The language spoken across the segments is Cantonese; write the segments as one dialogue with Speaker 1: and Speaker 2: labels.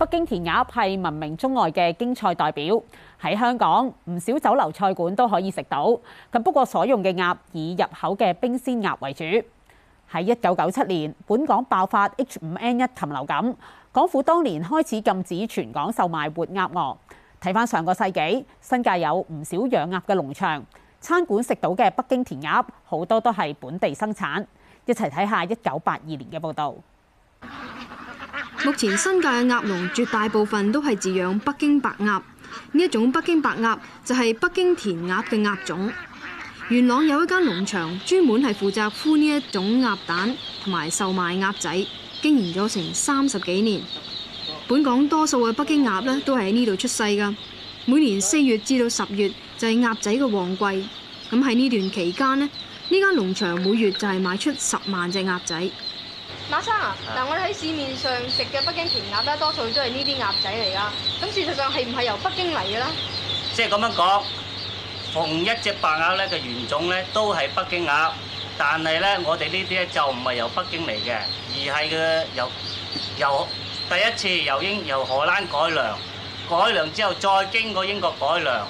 Speaker 1: 北京填鴨係聞名中外嘅京菜代表，喺香港唔少酒樓菜館都可以食到。不過所用嘅鴨以入口嘅冰鮮鴨為主。喺一九九七年，本港爆發 H 五 N 一禽流感，港府當年開始禁止全港售賣活鴨鵝。睇返上個世紀，新界有唔少養鴨嘅農場，餐館食到嘅北京填鴨好多都係本地生產。一齊睇下一九八二年嘅報導。目前新界嘅鴨農
Speaker 2: 絕大部分都係飼養北京白鴨。呢一種北京白鴨就係北京填鴨嘅鴨種。元朗有一間農場專門係負責孵呢一種鴨蛋同埋售賣鴨仔，經營咗成三十幾年。本港多數嘅北京鴨呢都係喺呢度出世㗎。每年四月至到十月就係鴨仔嘅旺季，咁喺呢段期間呢，呢間農場每月就係賣出十
Speaker 3: 萬隻鴨仔。
Speaker 4: 馬生啊，嗱、嗯，但我哋喺市面上食嘅北京填鴨咧，多數都係呢啲鴨仔嚟噶。咁事實上係唔係由北京嚟嘅
Speaker 3: 咧？即係咁樣講，逢一隻白鴨咧嘅原種咧都係北京鴨，但係咧我哋呢啲咧就唔係由北京嚟嘅，而係嘅由由第一次由英由荷蘭改良，改良之後再經過英國改良。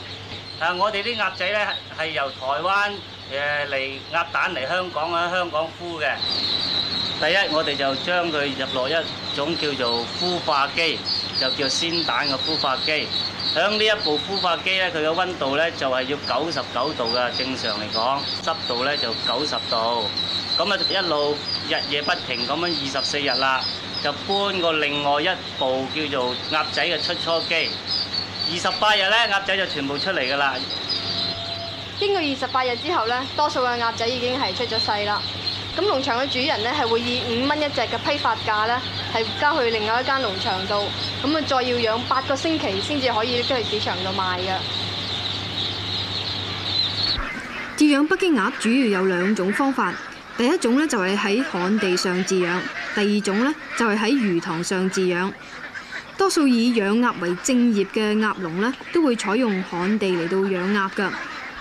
Speaker 3: 誒，我哋啲鴨仔咧係由台灣誒嚟鴨蛋嚟香港啊，香港孵嘅。第一，我哋就將佢入落一種叫做孵化機，就叫鮮蛋嘅孵化機。響呢一部孵化機咧，佢嘅溫度咧就係要九十九度嘅，正常嚟講，濕度咧就九十度。咁啊一路日夜不停咁樣二十四日啦，就搬過另外一部叫做鴨仔嘅出初機。二十八日咧，鴨仔就全部出嚟噶啦。
Speaker 4: 經過二十八日之後咧，多數嘅鴨仔已經係出咗世啦。咁農場嘅主人呢，係會以五蚊一隻嘅批發價呢，係交去另外一間農場度，咁啊再要養八個星期先至可以出去市場度賣噶。
Speaker 2: 飼養北京鴨主要有兩種方法，第一種呢，就係喺旱地上飼養，第二種呢，就係喺魚塘上飼養。多數以養鴨為正業嘅鴨農呢，都會採用旱地嚟到養鴨噶，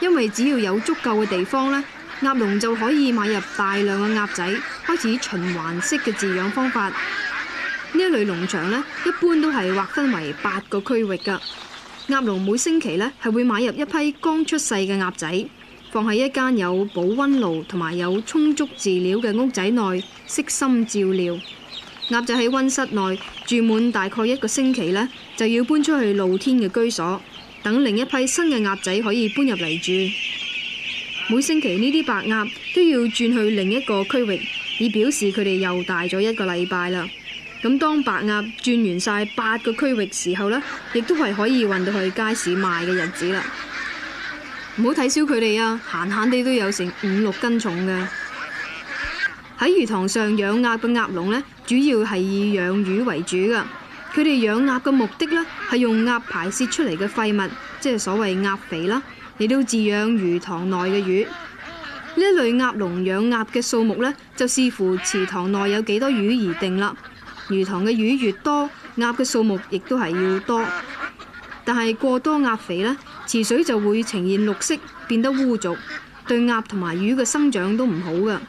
Speaker 2: 因為只要有足夠嘅地方呢。鴨農就可以買入大量嘅鴨仔，開始循環式嘅飼養方法。呢一類農場呢，一般都係劃分為八個區域噶。鴨農每星期呢，係會買入一批剛出世嘅鴨仔，放喺一間有保溫爐同埋有充足飼料嘅屋仔內悉心照料。鴨仔喺溫室內住滿大概一個星期呢，就要搬出去露天嘅居所，等另一批新嘅鴨仔可以搬入嚟住。每星期呢啲白鴨都要轉去另一個區域，以表示佢哋又大咗一個禮拜啦。咁當白鴨轉完晒八個區域時候呢，亦都係可以運到去街市賣嘅日子啦。唔好睇小佢哋啊，閒閒地都有成五六斤重嘅。喺魚塘上養鴨嘅鴨農呢，主要係以養魚為主噶。佢哋養鴨嘅目的呢，係用鴨排泄出嚟嘅廢物，即係所謂鴨肥啦，亦都飼養魚塘內嘅魚。呢一類鴨籠養鴨嘅數目呢，就視乎池塘內有幾多魚而定啦。魚塘嘅魚越多，鴨嘅數目亦都係要多。但係過多鴨肥呢，池水就會呈現綠色，變得污濁，對鴨同埋魚嘅生長都唔好㗎。